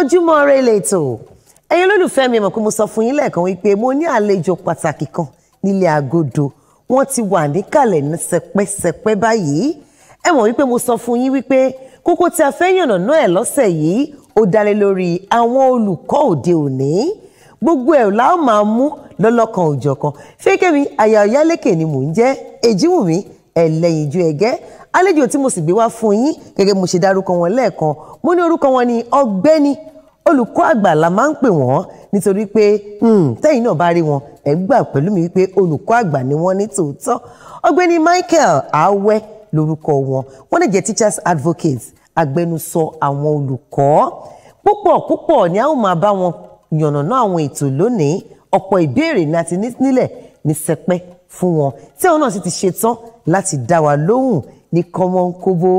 ojúmọ́ ire ilé ètò ẹ̀yin olólùfẹ́ mi mọ̀ pé mo sọ fún yín lẹ́ẹ̀kan wípé mo ní àlejò pàtàkì kan nílé agodo wọ́n ti wà níkàlẹ̀ ní sẹpẹ́sẹpẹ́ báyìí ẹ mọ̀ wípé mo sọ fún yín wípé kókó tí a fẹ́ yànnà náà ẹ̀ lọ́sẹ̀ yìí ó dalé lórí àwọn olùkọ́ òde òní gbogbo ẹ̀ la ó máa mú lọ́lọ́kan òjọ̀kan fẹ́kẹ́mi àyà ọ̀yálékè ni mò ń jẹ́ èjìwùmí ẹlẹ́yinjú ẹ̀gẹ́ àlejò tí mo sì gbé wá fún yín gẹ́gẹ́ mo ṣe dárúkọ wọn lẹ́ẹ̀kan mo ní orúkọ wọn ni ọ̀gbẹ́ni olùkọ́ àgbà la máa ń pè wọ́n nítorí pé hmm, tẹ́yìn náà bá rí wọn ẹ̀ gbà pẹ̀lú mi wípé olùkọ́ àgbà ni wọ́n ní tòótọ́ ọ̀gbẹ́ni Michael Awẹ́ lórúkọ wọn wọ́n lè jẹ́ teachers advocates agbẹnusọ àwọn olùkọ́ púpọ̀ púpọ̀ ni a ó máa bá wọn yànnàná àwọn ètò lónìí ọ̀pọ̀ ìbéèrè ni a ti nílẹ̀ ní sẹpẹ́ fún wọn tí àwọn náà sì ti ṣetán láti dá wa lóhùn ní kọ́mọ́nkóbó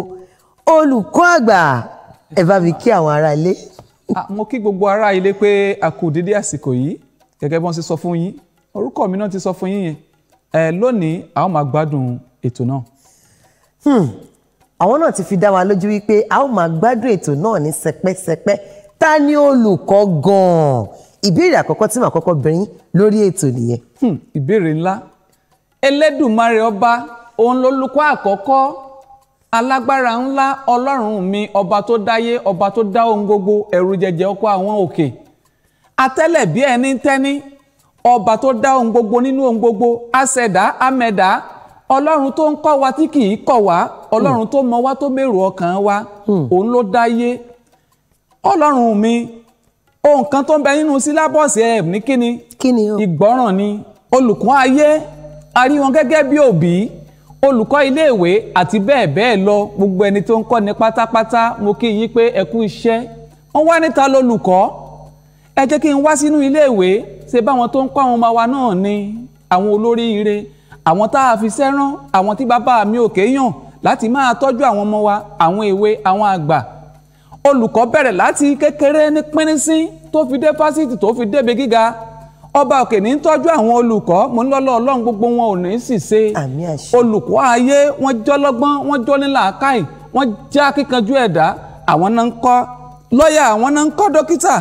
olùkọ́ àgbà ẹ bá mi kí àwọn ará ilé mo kí gbogbo ará ilé pé a kú dédé àsìkò yìí gẹ́gẹ́ bí wọ́n ti sọ fún yín orúkọ mi náà ti sọ fún yín yẹn ẹ lónìí a ó máa gbádùn ètò náà. Hmm, àwọn náà ti fi dá wa lójú wípé a ó máa gbádùn ètò náà ní sẹpẹsẹpẹ ta ni olùkọ́ gan-an ìbéèrè àkọ́kọ́ tí màá kọ́kọ́ bẹ̀rẹ̀ lórí ètò nìyẹn. Hmm, ìbéèrè ńlá Ẹlẹ́dùmarè ọba òun lolùkọ́ àkọ́kọ́ alágbára ńlá ọlọ́run mi ọba tó dáyé ọba tó dá ohun gbogbo ẹ̀rù jẹjẹ ọkọ àwọn òkè atẹ́lẹ̀ bí ẹni tẹ́ni ọba tó dá ohun gbogbo nínú ohun gbogbo aṣẹ̀dá amẹ̀dá ọlọ́run tó ń kọ́ wa tí kì í kọ̀ wá ọlọ́run tó mọ wá tó mèrò ọkàn wa hmm. òun ló dáyé ọlọ́run mi ohun kan tó ń bẹ nínú sílábọ̀sì ẹ̀ ní kíni ìgbọ́ràn ni olùkún ayé a rí wọn gẹ́gẹ́ bí òbí olùkọ́ iléèwé àti bẹ́ẹ̀ bẹ́ẹ̀ lọ gbogbo ẹni tó ń kọ́ ni pátápátá mo kí yín pé ẹ kú iṣẹ́ wọ́n wá níta lolùkọ́ ẹ jẹ́ kí n wá sínú iléèwé ṣe báwọn tó ń kọ́ àwọn ọmọ wa náà ni àwọn olóríire àwọn tá a fi sẹ́rán àwọn tí bàbá mi ò kéèyàn láti máa tọ́jú àwọn ọmọ wa àwọn èwe àwọn àgbà olùkọ́ bẹ̀rẹ̀ láti kékeré ní pínínsín tó fi dé fásitì tó fi débi gíga ọba òkè ní tọ́jú àwọn olùkọ́ mo ń lọ́lọ́ ọlọ́run gbogbo wọn ò ní sì ṣe olùkọ́ ayé wọ́n jọlọ́gbọ́n wọ́n jọ ní làákàyè wọ́n já kíkanjú ẹ̀dá àwọn náà ń kọ́ lọ́ọ̀yà àwọn náà ń kọ́ dókítà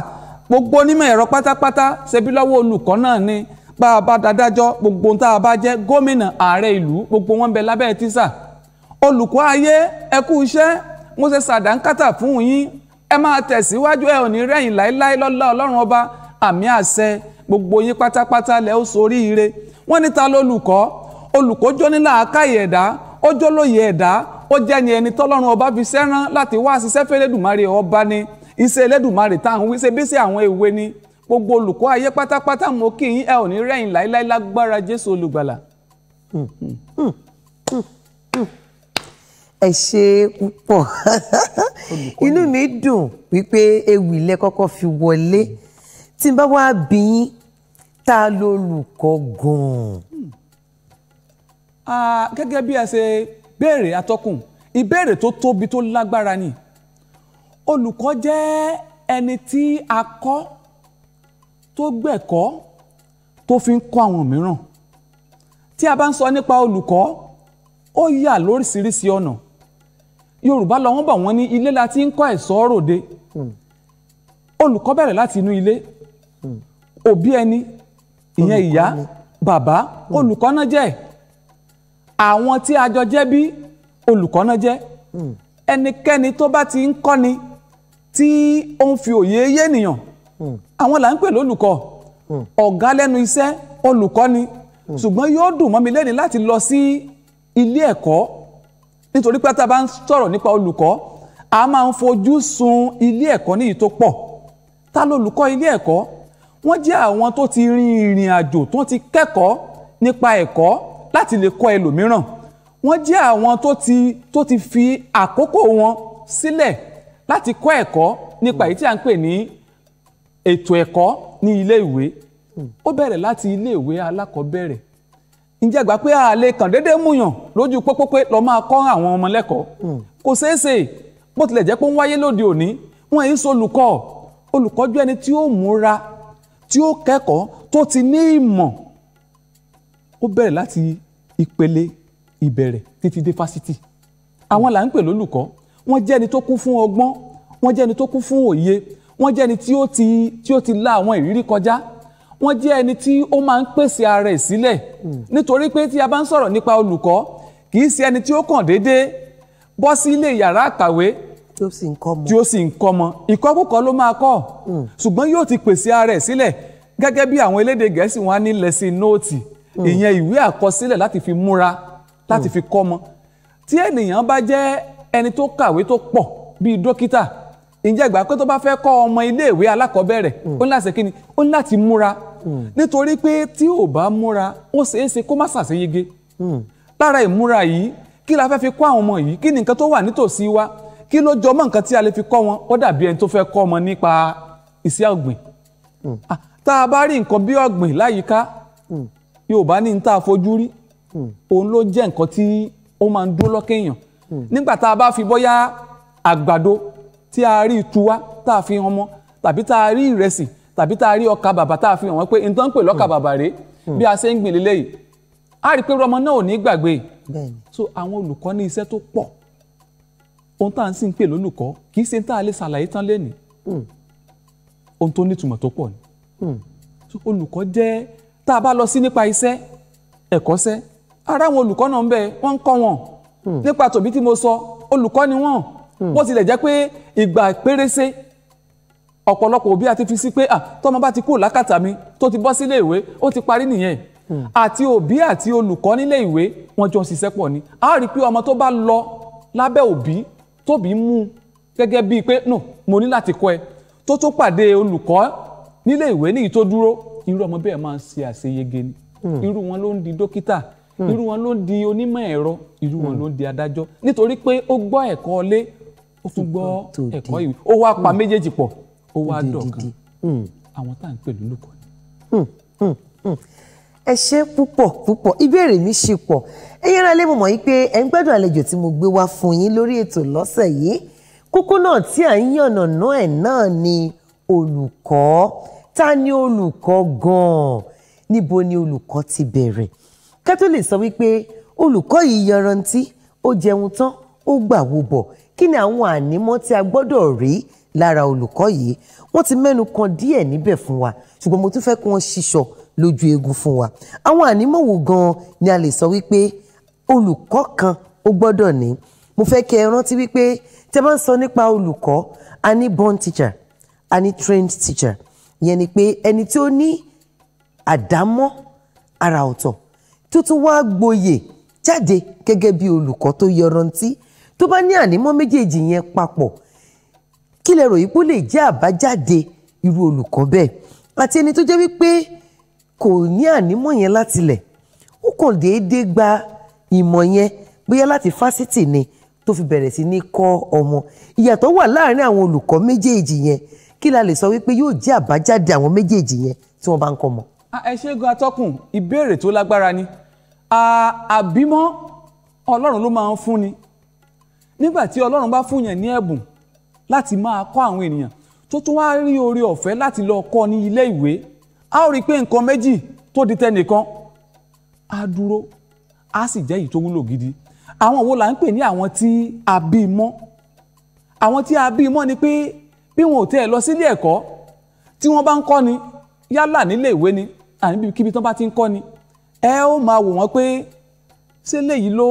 gbogbo onímọ̀ ẹ̀rọ pátápátá ṣebí lọ́wọ́ olùkọ́ náà ni bá a bá dadájọ́ gbogbo tá a bá jẹ́ gómìnà ààrẹ ìlú gbogbo wọn bẹ lábẹ́ tíṣà olùkọ́ ayé ẹ kú iṣẹ́ mo ṣe ṣàdánkátà fún yín ẹ máa tẹ̀síwájú ẹ ò ní rẹ̀yìn láéláé lọ́lá ọlọ́run ọba àmì àṣẹ gbogbo yín pátápátá lẹ ó sorí ire wọ́n ní ta lolùkọ́ olùkọ́ jó ní làákàyè ẹ̀dá ó ẹ̀dá ó ni ẹni ọba fi sẹ́rán láti wá ṣiṣẹ́ fẹ́lẹ́dùmarè ọba ni iṣẹ́ wí ṣe àwọn èwe ni gbogbo ayé pátápátá mo ẹ ò ní láíláí lágbára Jésù olùgbàlà. ẹ ṣe púpọ̀ ta lolùkọ́ gan-an. Hmm. Ah, gẹ́gẹ́ bí a ṣe béèrè atọ́kùn ìbéèrè tó tóbi tó lágbára ni olùkọ́ jẹ́ ẹni tí a kọ́ tó gbẹ̀kọ́ tó fi ń kọ́ àwọn mìíràn tí a bá ń sọ nípa olùkọ́ ó yà lóríṣiríṣi ọ̀nà yorùbá lọ wọ́n bọ̀ wọ́n ní ilé la ti ń kọ́ ẹ̀sọ́ ròde hmm. olùkọ́ bẹ̀rẹ̀ láti inú ilé hmm. òbí ẹni ìyẹn ìyá bàbá hmm. olùkọ́ náà jẹ́ àwọn tí a jọ jẹ́ bí olùkọ́ náà jẹ́ hmm. ẹnikẹ́ni tó bá ti ń kọ́ni tí ó ń fi òye yé ènìyàn hmm. àwọn là ń pè lólùkọ́ ọ̀gá lẹ́nu iṣẹ́ olùkọ́ ni ṣùgbọ́n yóò dùn mọ́ mi lẹ́ni láti lọ sí ilé ẹ̀kọ́ nítorí pé tá a bá ń sọ̀rọ̀ nípa olùkọ́ a máa ń fojú sun ilé ẹ̀kọ́ níyì tó pọ̀ ta lolùkọ́ ilé ẹ̀kọ́ wọ́n jẹ́ àwọn tó ti rin ìrìn àjò tó ti kẹ́kọ̀ọ́ nípa ẹ̀kọ́ láti lè kọ́ ẹlòmíràn wọ́n jẹ́ àwọn tó ti tó ti fi àkókò wọn sílẹ̀ láti kọ́ ẹ̀kọ́ nípa èyí tí a ń pè ní ètò ẹ̀kọ́ ní ilé ìwé ó bẹ̀rẹ̀ láti ilé ìwé alákọ̀ọ́bẹ̀rẹ̀ ǹjẹ́ àgbà pé a lè kàn déédéé múyàn lójú pópó pé lọ́ọ́ máa kọ́ àwọn ọmọ lẹ́kọ̀ọ́ kò ṣeé ṣe bó tilẹ̀ jẹ́ pé ń wáyé lóde òní wọ́n yìí solùkọ́ olùkọ́ jẹ́ ẹni tí ó múra tí ó kẹ́kọ̀ọ́ tó ti ní ìmọ̀ ó bẹ̀rẹ̀ láti ìpele ìbẹ̀rẹ̀ títí dé fásitì àwọn là ń pè lólùkọ́ wọ́n jẹ́ ẹni tó kún fún ọgbọ́n wọ́n jẹ́ ẹni tó kún fún òye wọ́n jẹ́ ẹni tí ó ti tí ó ti la àwọn ìrírí kọjá wọ́n jẹ́ ẹni tí ó máa ń pèsè ara ẹ̀ sílẹ̀ nítorí pé tí a bá ń sọ̀rọ̀ nípa olùkọ́ kì í ṣe ẹni tí ó kàn déédéé bọ́ sí ilé yàrá àkàwé tí ó sì ń kọ́ mọ tí ó sì ń kọ́ mọ ìkọ́kùkọ́ ló máa kọ́ hmm. ṣùgbọ́n yóò ti pèsè ara ẹ̀ sílẹ̀ gẹ́gẹ́ bí àwọn elédè gẹ̀ẹ́sì wọn á ní lẹ́sìn nóòtì hmm. ìyẹn ìwé àkọsílẹ̀ láti fi múra láti hmm. fi kọ́ mọ tí ènìyàn bá jẹ́ ẹni tó kàwé tó pọ̀ bíi dókítà ǹjẹ́ ìgbà pé tó bá fẹ́ kọ́ ọmọ iléèwé alákọ̀ọ́bẹ̀rẹ̀ ó ní láti ṣe kíni ó ní láti múra nítorí pé tí ò bá múra ó ṣeé ṣe kó má ṣàṣeyege lára ìmúra yìí kí la fẹ́ fi kọ́ àwọn ọmọ yìí kí ni nǹkan tó wà nítòsí wa kí ló jọ mọ́ nǹkan tí a lè fi kọ́ wọn ó dàbí ẹni tó fẹ́ kọ́ ọmọ nípa iṣẹ́ ọ̀gbìn hmm. ah, tá a bá rí nǹkan bí ọ̀gbìn láyìíká hmm. Yorùbá ní ní tá a fojú rí hmm. òun ló jẹ́ nǹkan tí ó máa ń dúró lọ́kẹ́yàn nígbà tá a bá fi bóyá àgbàdo tí a rí tuwa tá a fi hàn mọ́ tàbí tá a rí ìrẹsì tàbí tá a rí ọkà bàbà tá a fi hàn wọ́n pé n tó ń pè lọ́kà bàbà rèé bí a ṣe ń gbìn lélẹ́yìí a rí i pé ọmọ náà ò ní gbàgbé so àwọn olùkọ́ ní iṣẹ́ tó pọ̀ ohun tá à ń sìn pè lólùkọ́ kì í ṣe tá a lè ṣàlàyé tán lẹ́nìí hmm. ohun tó nítumọ̀ tó pọ̀ ni hmm. olùkọ́ jẹ́ tá a bá lọ sí nípa iṣẹ́ ẹ̀kọ́ṣẹ́ ara àwọn olùkọ́ náà ń bẹ wọ́n ń kọ́ wọn hmm. nípa tòbí tí mo sọ olùkọ́ ni wọ́n bó tilẹ̀ jẹ́ pé ìgbà péréṣe ọ̀pọ̀lọpọ̀ òbí àti fi sí pé tọ́mọ bá ti kú lákàtà mi tó ti bọ́ sílé ìwé ó ti parí nìyẹn àti òbí àti olùkọ́ nílé ìwé wọ́n jọ ṣiṣẹ́ pọ̀ ni a rí i pé ọmọ tó bá lọ lábẹ́ òbí tóbi mú gẹ́gẹ́ bíi pé no mo ní láti kọ́ ẹ tó tún pàdé olùkọ́ nílé ìwé níyì tó dúró irú ọmọ bẹ́ẹ̀ máa ń ṣe àṣeyege ni hmm. irú wọn ló ń di dókítà hmm. irú wọn ló ń di onímọ̀ ẹ̀rọ irú wọn hmm. ló ń di adájọ́ nítorí pé ó gbọ́ ẹ̀kọ́ lé ó tún gbọ́ ẹ̀kọ́ ìwé ó wá pa méjèèjì pọ̀ ó wá dọ̀kan àwọn tá à ń pè lólùkọ́ ni ẹ ṣe púpọ̀ púpọ̀ ìbéèrè mi ṣe pọ̀ ẹ̀yin ará ilé mo mọ̀ yìí pé ẹ̀ ń gbádùn àlejò tí mo gbé wá fún yín lórí ètò lọ́sẹ̀ yìí kókó náà tí à ń yànnàná ẹ̀ náà ni olùkọ́ ta ni olùkọ́ gan-an níbo ni olùkọ́ ti bẹ̀rẹ̀ ká tó lè sọ wípé olùkọ́ yìí yanrantí ó jẹun tán ó gbàwó bọ̀ kí ni àwọn ànímọ́ tí a gbọ́dọ̀ rí lára olùkọ́ yìí wọ́n ti mẹ́nu kan díẹ̀ níbẹ̀ fún wa ṣùgbọ́n mo tún fẹ́ kí wọ́n ṣíṣọ lójú eegun fún wa àwọn ànímọ́ gan-an ni a lè sọ wípé olùkọ́ kan ó gbọ́dọ̀ ní mo fẹ́ kẹ́ ẹ rántí wípé tẹ́ bá ń sọ nípa olùkọ́ a ní born teacher a ní trained teacher yẹn ni pé ẹni tí ó ní àdámọ́ ara ọ̀tọ̀ tó tún wá gboyè jáde gẹ́gẹ́ bí olùkọ́ tó yọrantí tó bá ní ànímọ́ méjèèjì yẹn papọ̀ kí lẹ rò yìí kó lè jẹ́ àbájáde irú olùkọ́ bẹ́ẹ̀ àti ẹni tó jẹ́ wípé kò ní ànímọ̀ yẹn láti lẹ̀ ó kàn déédéé gba ìmọ̀ yẹn bóyá láti fásitì ni tó fi bẹ̀rẹ̀ sí ní kọ́ ọmọ ìyàtọ̀ wà láàárín àwọn olùkọ́ méjèèjì yẹn kí la lè sọ wípé yóò jẹ́ àbájáde àwọn méjèèjì yẹn tí wọ́n bá ń kọ́ mọ́. ẹ ṣe gan atọ́kùn ìbéèrè tó lágbára ni àbímọ ọlọ́run ló máa ń fúnni nígbà tí ọlọ́run bá fún yẹn ní ẹ̀bùn láti máa kọ́ àwọn ènìyàn tó tún wá rí oore ọ̀fẹ́ láti lọ kọ́ ní ilé ìwé a ó rí i pé nǹkan méjì tó di tẹnìkan á dúró á sì jẹ́ èyí tó wúlò gidi àwọn wo là ń pè ní àwọn tí a bí mọ́ àwọn tí a bí mọ́ ni pé bí wọn ò tẹ́ ẹ lọ sílé ẹ̀kọ́ tí wọ́n bá ń kọ́ ni yálà nílé ìwé ni àbí kíbi tán bá ti ń kọ́ ni ẹ ó máa wò wọ́n pé ṣé léyìí ló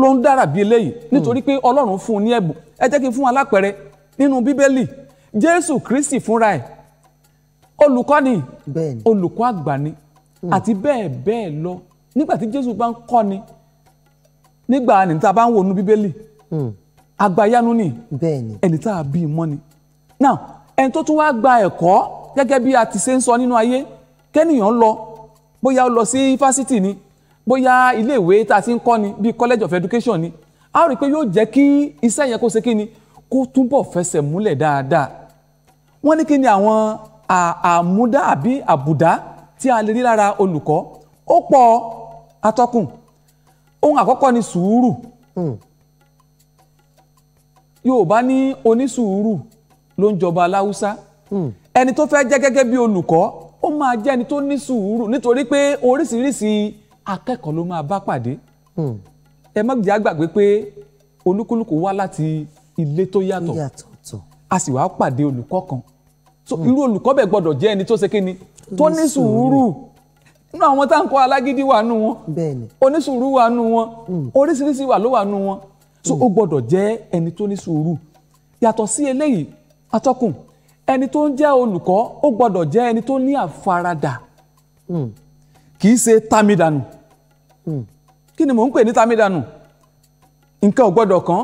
ló ń dára bí eléyìí hmm. nítorí pé ọlọ́run fún un ní ẹ̀bùn ẹ jẹ́ kí n fún wa lápẹẹrẹ nínú bíbélì jésù kristi fúnra ẹ̀ olùkọ́ ni olùkọ́ àgbà ni hmm. àti bẹ́ẹ̀ bẹ́ẹ̀ lọ nígbà tí Jésù bá ń kọ́ ni nígbà níta bá ń wọnú Bíbélì hmm. àgbàyanu ni ẹni tá a bí mọ́ ni now ẹni tó tún wá gba ẹ̀kọ́ gẹ́gẹ́ bí a ti ṣe ń sọ nínú ayé kẹ́nìyàn lọ bóyá ó lọ sí fásitì ni bóyá iléèwé tá a ti ń kọ́ ni bíi college of education ni a rí i pé yóò jẹ́ kí iṣẹ́ yẹn kó ṣe kí ni kó túbọ̀ fẹsẹ̀ múlẹ̀ dáadáa wọ́n ní kí ni àwọn àmúdá àbí àbùdá tí a lè rí lára olùkọ́ ó pọ̀ atọ́kùn ohun àkọ́kọ́ ni sùúrù hmm. Yorùbá ní onísùúrù ló ń jọba láwùsá hmm. ẹni tó fẹ́ jẹ́ gẹ́gẹ́ bí olùkọ́ ó máa jẹ́ ẹni tó ní sùúrù nítorí pé oríṣiríṣi akẹ́kọ̀ọ́ ló máa bá pàdé hmm. ẹ má jẹ́ àgbàgbé pé olúkúlùkù wá láti ilé tó yàtọ̀ a sì wá pàdé olùkọ́ kan so irú olùkọ́ bẹ̀ gbọ́dọ̀ jẹ́ ẹni tó ṣe kí ni tó ní sùúrù nínú àwọn tá à ń kọ́ alágídí wà nù wọn onísùúrù wà nù wọn hmm. oríṣiríṣi wà ló wà nù wọn so ó hmm. gbọ́dọ̀ jẹ́ ẹni tó ní sùúrù yàtọ̀ sí eléyìí atọ́kùn ẹni tó ń jẹ́ olùkọ́ ó gbọ́dọ̀ jẹ́ ẹni tó ní àfaradà hmm. kì í ṣe tamidanu kí ni mò ń pè ní tamidanu nǹkan ò gbọ́dọ̀ kàn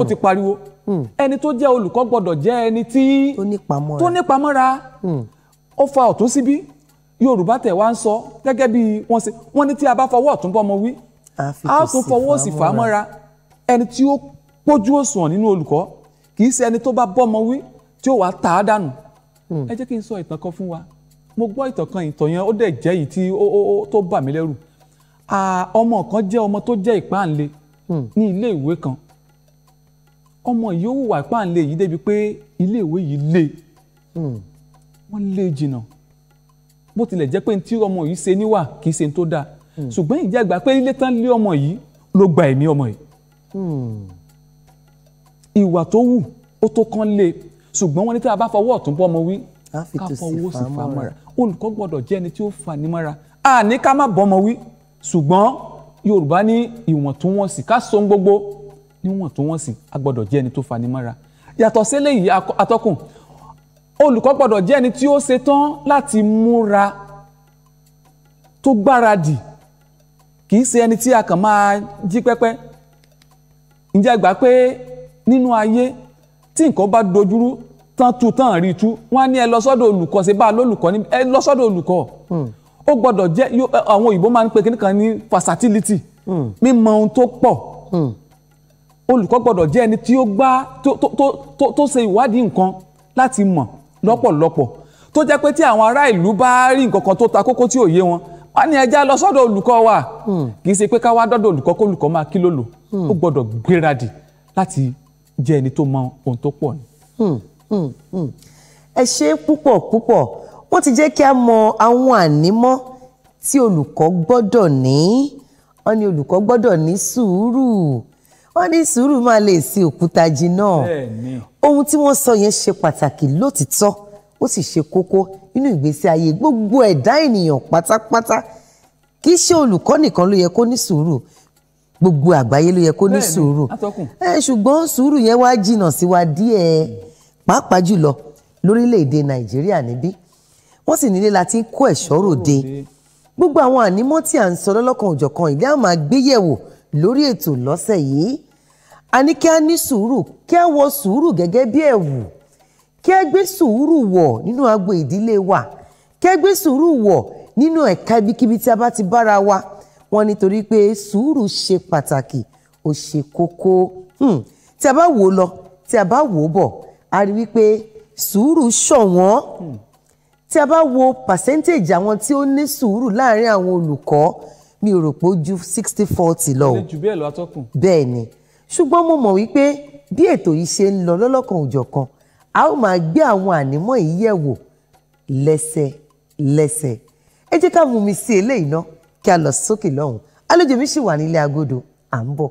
ó ti pariwo Hmm. ẹni tó jẹ́ olùkọ́ gbọ́dọ̀ jẹ́ ẹni tí tó nípamọ́ra hmm. ó fa ọ̀tún síbí yorùbá tẹ̀ wá ń sọ gẹ́gẹ́ bí wọ́n ṣe wọ́n ní tí a bá fọwọ́ ọ̀tún bọ́mọ wí a tún fọwọ́ òsì fà á mọ́ra ẹni tí ó pójú òṣùwọ̀n nínú olùkọ́ kì í ṣe ẹni tó bá bọ́mọ wí tí ó wàá tà á dànù hmm. ẹ jẹ́ kí n sọ ìtàn kan fún wa mo gbọ́ ìtàn kan ìtàn yẹn ó dẹ̀ jẹ́ èyí tí tó bà mí lẹ́rù ọmọ kan jẹ́ ọmọ tó jẹ́ ìpáǹle ní ilé ìwé kan ọmọ yìí ó wùwà ìpáǹlé yìí débi pé iléèwé yìí le hmm. wọ́n lé jìnnà bó tilẹ̀ jẹ́ pé tí ọmọ yìí ṣe níwà kì í ṣe tó dáa hmm. ṣùgbọ́n ìjẹ́ àgbà pé ilé tán lé ọmọ yìí ló gba ẹ̀mí ọmọ yìí. Hmm. ìwà tó wù ó tó kán lé ṣùgbọ́n wọ́n ní tí a bá fọwọ́ ọ̀tún bọ́ ọmọ wí ká fọwọ́ sí fa mọ́ra olùkọ́ gbọ́dọ̀ jẹ́ ẹni tí ó fa ní mọ́ra àní ká má bọ́ ọmọ wí ṣùgbọ́n Yorùbá ní ìwọ̀ntúnwọ̀nsì ká so ń gbogbo níwọ̀ntúnwọ̀nsì a gbọ́dọ̀ jẹ́ ẹni tó fanimọ́ra yàtọ̀ sí eléyìí atọ́kùn olùkọ́ gbọ́dọ̀ jẹ́ ẹni tí ó ṣetán láti múra tó gbáradì kì í ṣe ẹni tí a kàn máa jí pẹ́pẹ́ ǹjẹ́ gbà pé nínú ayé tí nǹkan bá dojúrú tán tu tán rí tu wọ́n á ní ẹ lọ sọ́dọ̀ olùkọ́ ṣe bá a lólùkọ́ ní ẹ lọ sọ́dọ̀ olùkọ́ hmm. ó gbọ́dọ̀ jẹ́ àwọn òyìnbó máa ń pe kíníkan ní facility hmm. mímọ̀ ohun tó pọ̀ hmm olùkọ́ gbọ́dọ̀ jẹ́ ẹni tí ó gbá tó ṣe ìwádìí nǹkan láti mọ̀ lọ́pọ̀lọpọ̀ tó jẹ́ pé tí àwọn ará ìlú bá rí nǹkan kan tó ta kókó tí ò yé wọn wọ́n ní ẹja lọ sọ́dọ̀ olùkọ́ wa hmm. kì í ṣe pé ká wá dọ́dọ̀ olùkọ́ kó olùkọ́ máa kí ló lò hmm. ó gbọ́dọ̀ gbéradì láti jẹ́ ẹni tó mọ ohun tó pọ̀ ni. Hmm. ẹ ṣe púpọ̀ púpọ̀ wọ́n ti jẹ́ kí a mọ àwọn ànímọ́ tí olùkọ́ gbọ́dọ̀ ní wọ́n ní olùkọ́ gbọ́dọ̀ ní sùúrù wọ́n ní sùúrù máa lè sí òkúta jìnnà ohun tí wọ́n sọ yẹn ṣe pàtàkì lótìtọ́ ó sì ṣe kókó nínú ìgbésí ayé gbogbo ẹ̀dá ènìyàn pátápátá kì í ṣe olùkọ́ nìkan ló yẹ kó ní sùúrù gbogbo àgbáyé ló yẹ kó ní sùúrù ẹ ṣùgbọ́n sùúrù yẹn wá jìnnà sí wa díẹ̀ pàápàá jùlọ lórílẹ̀ nàìjíríà níbí wọ́n sì nílé la kó ẹ̀ṣọ́ ròde gbogbo àwọn ànímọ́ tí à ń sọ lọ́lọ́kan òjọ̀kan ìdí àmà gbéyẹ̀wò lórí ètò lọ́sẹ̀ yìí a ní kí a ní sùúrù kí a wọ sùúrù gẹ́gẹ́ bí ẹ̀wù kí a gbé sùúrù wọ̀ nínú agbo ìdílé wa kí a gbé sùúrù wọ̀ nínú ẹ̀ka ibikíbi tí a bá ti bára wa wọn nítorí pé sùúrù ṣe pàtàkì ó ṣe kókó hmm. tí a bá wò lọ tí a bá wò bọ̀ a rí wípé sùúrù ṣọ̀wọ́n hmm. tí a bá wo percentage àwọn tí ó ní sùúrù láàárín àwọn olùkọ́ mi ò rò pé ó ju sixty forty lọ. ju bẹ́ẹ̀ lọ atọ́kùn. bẹ́ẹ̀ ni ṣùgbọ́n mo mọ̀ wípé bí ètò yìí ṣe ń lọ lọ́lọ́kan òjọ̀kan a ó máa gbé àwọn ànímọ́ yìí yẹ̀ wò lẹ́sẹ̀lẹ́sẹ̀ ẹ jẹ́ ká mú mi sí eléyìí ná kí a lọ sókè lọ́hùn-ún àlejò mi sì wà nílé agodo à ń bọ̀.